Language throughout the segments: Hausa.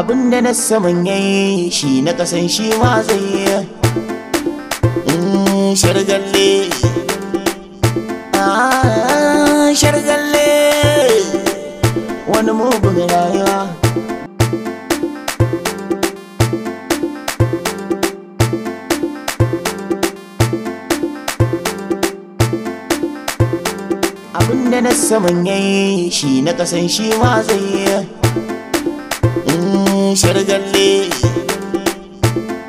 abin da na saman yayi shi na kasan shi ma zai yi mm, shargalle ah, shargalle wani mugun rayuwa abin da na saman yayi shi na kasan shi ma zai yi shargalle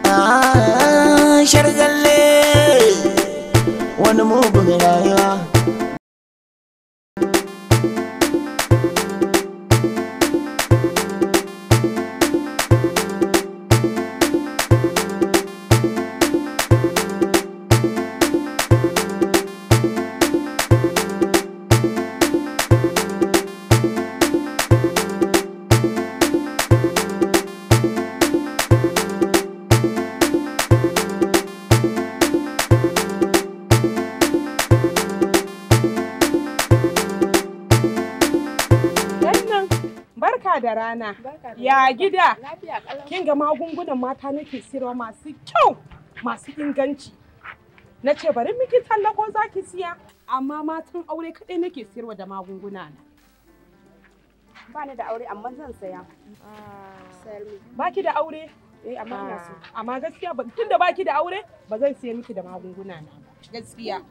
ah, shargalle wani mugun rayuwa ya gida kin ga magungunan mata nake siyarwa masu kyau masu inganci na ce bari miki tallako za ki siya amma matan aure kaɗai nake sirwa da magunguna na ba ni da aure amma zan saya ba ki da aure eh amma ina so ah, amma gaskiya tun da baki da aure ba zan siya miki da magunguna na gaskiya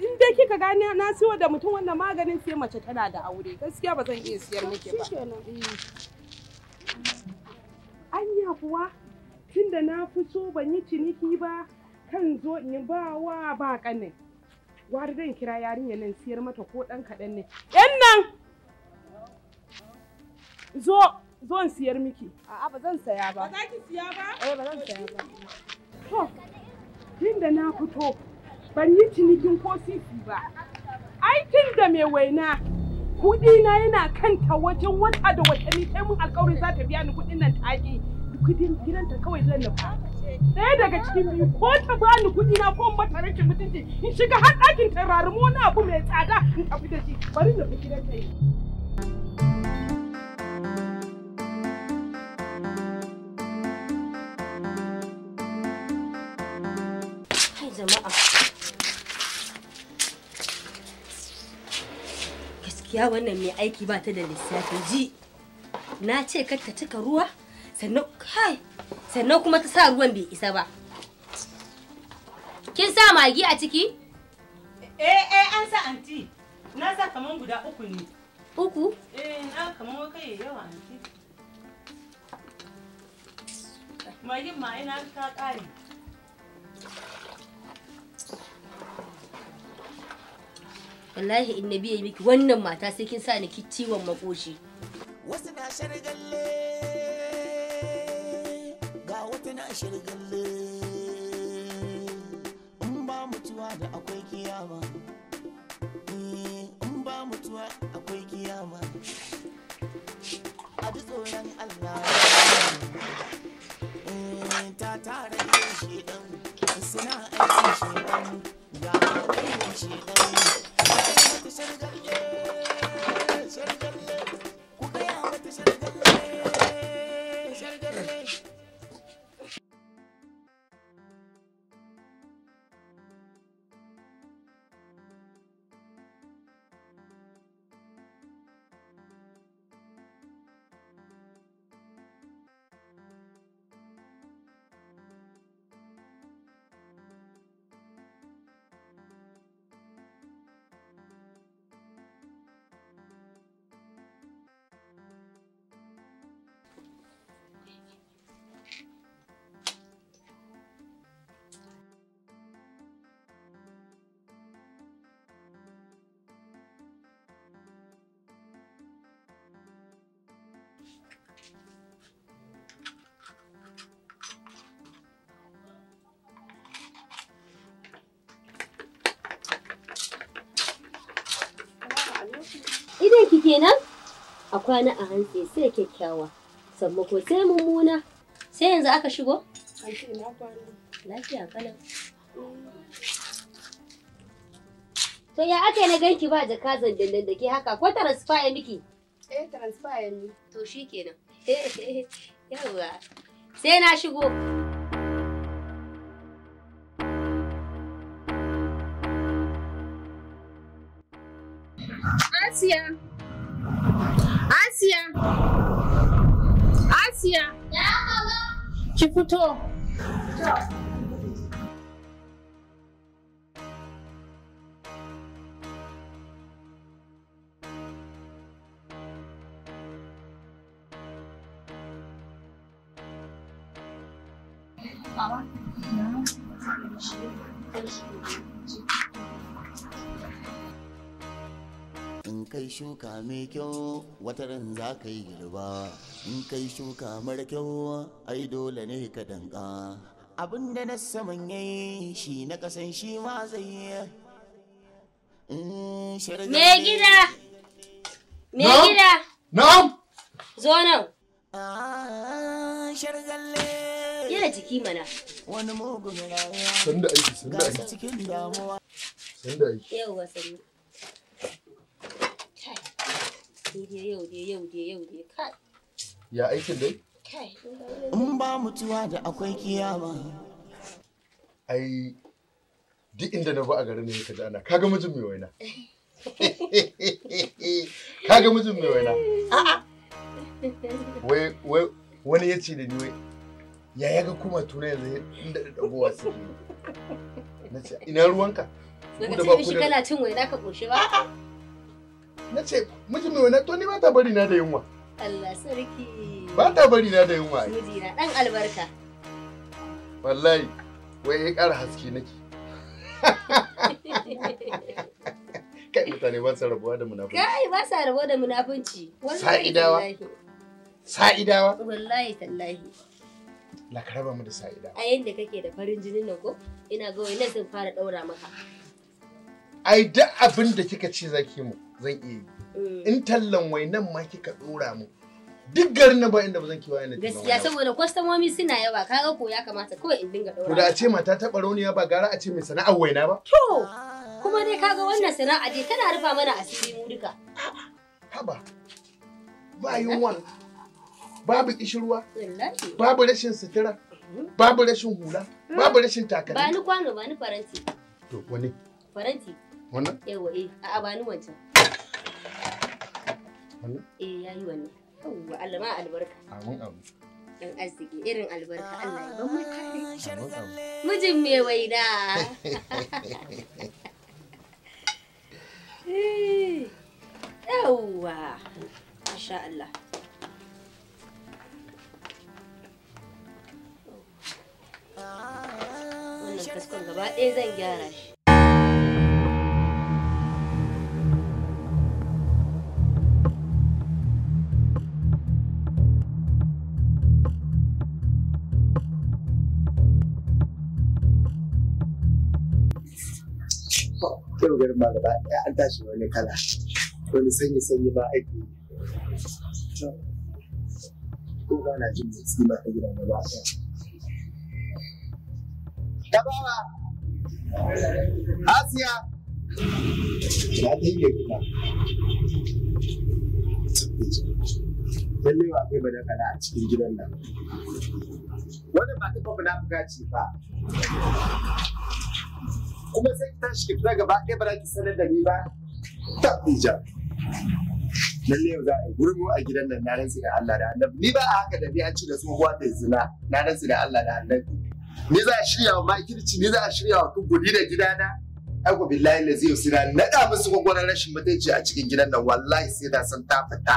in dai kika gane na siyo da mutum wannan maganin sai mace tana da aure gaskiya ba zan iya siyar miki ba anya kuwa tunda na fito ban yi ciniki ba kan zo in ba wa ba kane. wari zan kira yarinya nan siyar mata ko dan kaɗan ne yan nan zo zo in siyar miki a'a ba zan saya ba ba za ki siya ba eh ba zan saya ba to tunda na fito ban yi cinikin ko sisi ba aikin da mai waina kuɗi na yana kanta wajen wata da watanni sai mun alƙawarin za ta biya ni kudin nan ta ki kudin ta kawai zan nufa ɗaya daga cikin biyu ko ta bani kuɗi na ko mata rashin mutunci in shiga har ɗakin tararimo na abu mai tsada in tafi da shi bari na fi ta yi gaskiya wannan mai aiki ba ta da lissafi ji na ce kar ta cika ruwa sannan kai sannan kuma ta sa ruwan bai isa ba kin sa magi a ciki eh eh an sa anti na sa kaman guda uku ne uku eh na kaman wai kai yawa anti magin ma ina ka kare wallahi in nabi biye miki wannan mata sai kin sa ni ki ciwon makoshi wasu na shirgalle ga wata na shirgalle in ba mutuwa da akwai kiyama eh, in ba mutuwa akwai kiyama a duk tsoron Allah Idan ki kenan? A kwana a hantsi sai kyakkyawa, sammako sai mummuna. Sai yanzu aka shigo? Lafiya kana To ya aka na ganki ba jaka zandan da ke haka ko transfer ya miki? Eh transfer ya ni. To shi kenan. Sai na shigo. Ásia. Ásia. Ásia. Ki fito. Tipo Baba. Não. kai shuka mai kyau wata ran za ka yi girba in kai shuka mara kyau ai dole ne ka danka abin da na saman yayi shi na kasan shi ma zai yi me gida me gida na'am zo nan shargalle yana jiki mana wani mugun rayuwa sanda aiki sanda aiki sanda aiki yau wasanni Yau dai yau dai yau dai yau dai Ya aikin dai? Kai. In ba mutuwa da akwai kiyama. Ai duk inda na ba a garin ne ka ji ana kaga mijin mai waina. Kaga mijin mai waina. Wai wai wani ya ce da ni wai ya ya ga kuma tuna yanzu inda da dagowa su na ce ina ruwanka. Daga cikin shi kana cin waina ka ƙoshi ba? na ce miji mai wani to ni ba ta bari na da yunwa Allah sarki ba ta bari na da yunwa miji na dan albarka wallahi wai ya kara haske nake kai mutane ba sa rabuwa da munafunci kai ba sa rabuwa da munafunci sa'idawa sa'idawa wallahi tallahi la karaba mu da sa'ida a yanda kake da farin jinin nan ko ina ga nan sun fara daura maka ai duk abin da kika ce zaki mu zan iya yi mm. in tallan wai nan ma kika dora mu duk garin nan ba inda ba zan kiwa yana gaskiya saboda kwastamomi suna yawa kaga ko ya kamata kawai in dinga dora to da a ce mata ta baroniya ba gara a ce mai sana'ar waina ba to kuma dai kaga wannan sana'a dai tana rufa mana asiri mu duka haba ba yunwa babu kishirwa babu rashin sutura mm-hmm. babu rashin hula babu mm. rashin takalmi ba ni kwano ba ni faranti to wani faranti wannan yawa eh a ba ni wancan wannan eh yayi wannan yawa Allah ma albarka amin amin arziki irin albarka Allah ya ban mu kai mijin me waina eh, yawa masha Allah wannan kaskon gaba ɗaya zan gyara shi nan garin ma gaba ɗaya an tashi wani kala wani sanyi sanyi ma ake ko ba na jin motsi ma ta gidan gaba ɗaya dabawa asiya na ta yi gina lallai wa akwai badakala a cikin gidan nan wannan ba ta fa munafuka ce fa kuma zai tashi ki fita gaba ɗaya ba za ki sanar da ni ba ija lalle yau za a yi gurmu a gidan nan na rantsi da Allah da annabi ni ba a haka da ni an ci da tsohuwa da zina na rantsi da Allah da annabi ni za a shirya wa makirci ni za a shirya wa kuburi da gidana aiko billahi la zai na naɗa musu gwagwaran rashin mutunci a cikin gidan nan wallahi sai na san ta fita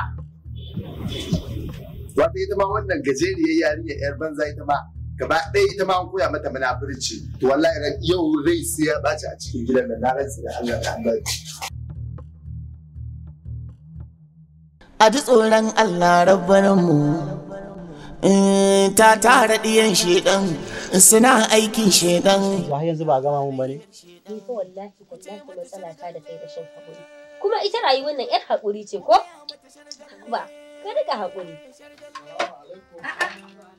wata ita ma wannan gajeriyar yarinya yar banza ita ma gaba ɗaya ita ma an koya mata munafurci to wallahi ran yau zai sai ya baci a cikin gidan nan na rantsi da Allah ta Allah a ji tsoron Allah mu, eh, ta tara ɗiyan shedan suna aikin shedan ba yanzu ba gama mun bane ko wallahi ko ta matsala ta da kai da shan hakuri kuma ita rayuwar nan yar hakuri ce ko ba Ka rika haƙuri.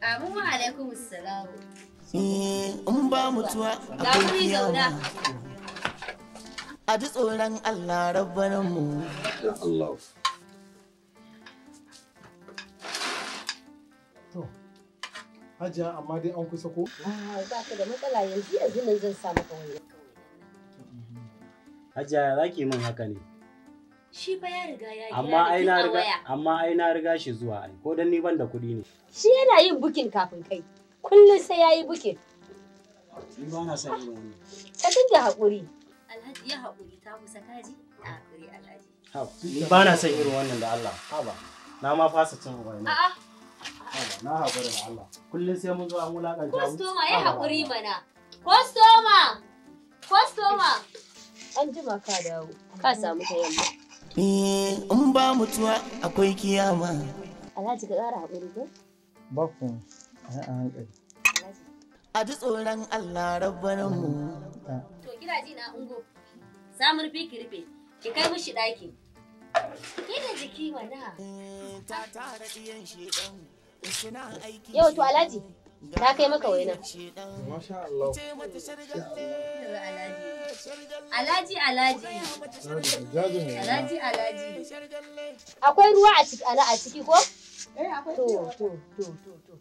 Amin wa alaikum salam. In ba mutuwa akwai kiyama. A ji tsoron Allah rabbaninmu. mu. Allah. Hajiya amma dai an kusa ko? Ah, ba ka da matsala yanzu yanzu nan zan samu maka wani. Mhm. Hajiya za ki min haka ne. Shi fa ya riga ya amma ai na riga amma ai na riga shi zuwa ai ko dan ni ban da kuɗi ne. Shi yana yin bukin kafin kai. Kullum sai ya yi bukin. Ni ba na sani irin wannan. Ka dinga hakuri. Alhaji ya hakuri ta kusa kaji ta haƙuri Alhaji. Ni ba na son irin wannan da Allah. ba Na ma fasa cin wani. A'a. Na hakuri da Allah. Kullum sai mun zo an wulaƙanta ta Kostoma, ya hakuri mana. Kostoma! Kostoma! An jima ka dawo, ka samu ta yamma. Eh, in ba mutuwa akwai kiyama alhaji ka ƙara haƙuri ko Bakun ku a hankali a ji tsoron allah rabbanin mu to kina ji na ungo samun fi ki rufe ki kai mushi ɗaki Kina jiki wa na. Eh, ta tara ɗiyan shi suna yau to alhaji ta kai maka waina. Alaji alaji. Alaji alaji. Akwai ruwa a ciki a ciki ko? Eh akwai ruwa. To to to to.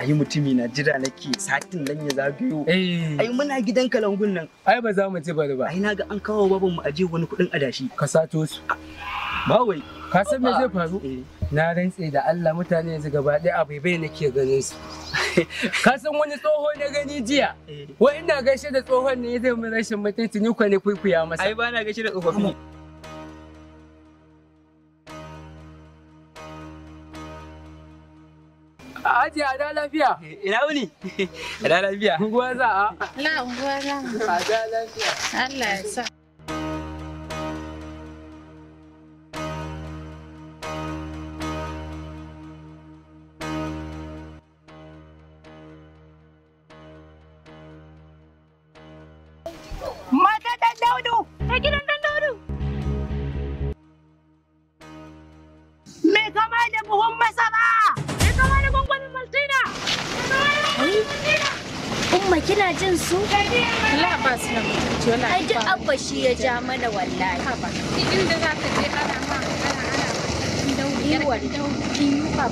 Ayi mutumi na jira nake satin nan ya zagayo eh. ai muna gidan kalangun nan ai ba za mu ci bari ba ai naga an kawo baban mu aje wani kudin adashi ka sato su ba wai ka san me zai faru eh. na rantse da Allah mutane yanzu gaba ɗaya a baibai nake ganin su ka san wani tsoho na gani jiya eh. wa ina gaishe da tsohon ne zai mu rashin mutunci ni ko ne kuikuya masa ai ba na gaishe da tsofaffi aji a lafiya. Ina wuni? A lafiya. Unguwa za a. Na unguwa za a. A lafiya. Allah ya sa. Kina jin su? Wala ba su na mutunci wala. Ai duk abba shi ya ja mana wallahi. Haba. Inda za ka je ana ma ana ana daukiwar ba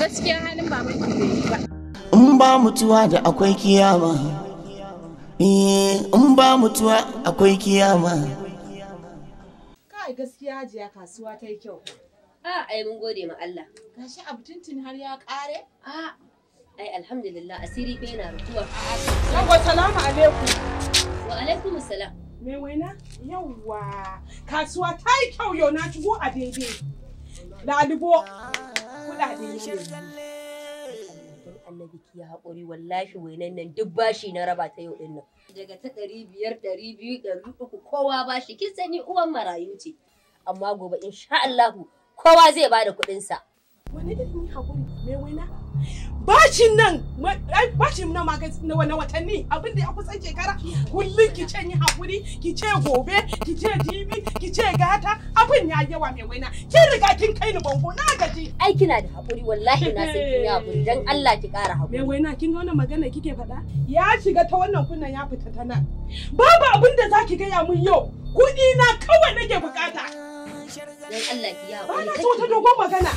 Gaskiya halin ba mai ba. In ba mutuwa da akwai kiyama. Eh, in ba mutuwa akwai kiyama. Kai gaskiya jiya kasuwa ta yi kyau. A ah, ai mun gode ma Allah. Gashi abutuntun har ya kare? A'a. Ah, ai alhamdulillah asiri fa yana rutuwa yawa salamu alaikum wa alaikum salam Me waina yawa kasuwa ta yi kyau yau na shigo a daidai lalubo kuɗaɗe ne Allah biki ya haƙuri wallahi wainan nan duk bashi na raba ta yau ɗin nan. Daga ta ɗari biyar ɗari biyu ɗari uku kowa bashi kin sani uwan marayu ce. Amma gobe insha Allah kowa zai bada kuɗinsa. Wani da ni haƙuri mai waina bashin nan bashin nan ma na watanni abin da ya kusan shekara kullum ki ce ni hakuri ki ce gobe ki ce jibi ki ce gata abin ya yawa mai waina kin riga kin kai ni bango na gaji ai kina da hakuri wallahi na san kin hakuri dan Allah ki kara hakuri mai waina kin ga wannan magana kike faɗa ya shiga ta wannan kunnan ya fita ta nan babu abin da zaki gaya mun yau kuɗi na kawai nake bukata dan Allah ki ya hakuri ba na so ta dogon magana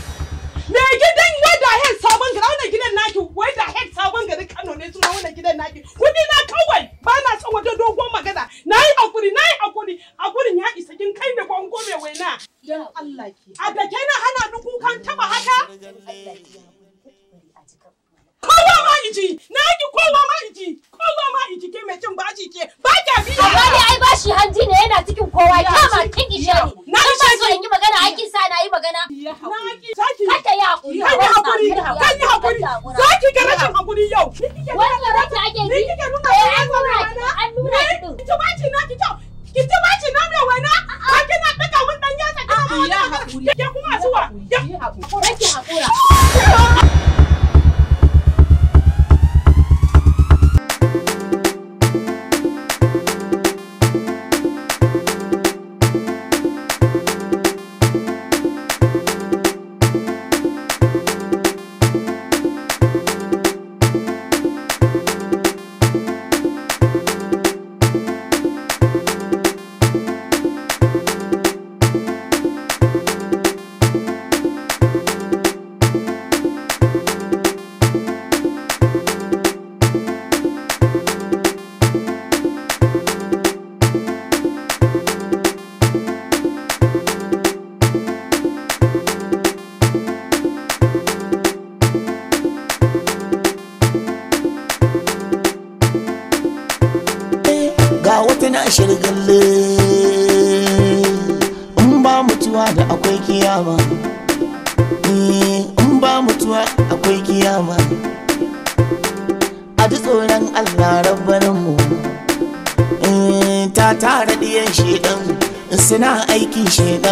Na shi so in yi magana ai kin na yi magana. Kada ya hakuri. Kada hakuri. Kan yi hakuri. Za ki ga rashin hakuri yau. Wannan rashin ake ji. Ni kike nuna wa eh, an nuna ki. An nuna eh, ki din. Ki na ki kyau. Ki ci ba na mai mun Ya hakuri. kuma zuwa. Ya hakuri. hakura. shirgalle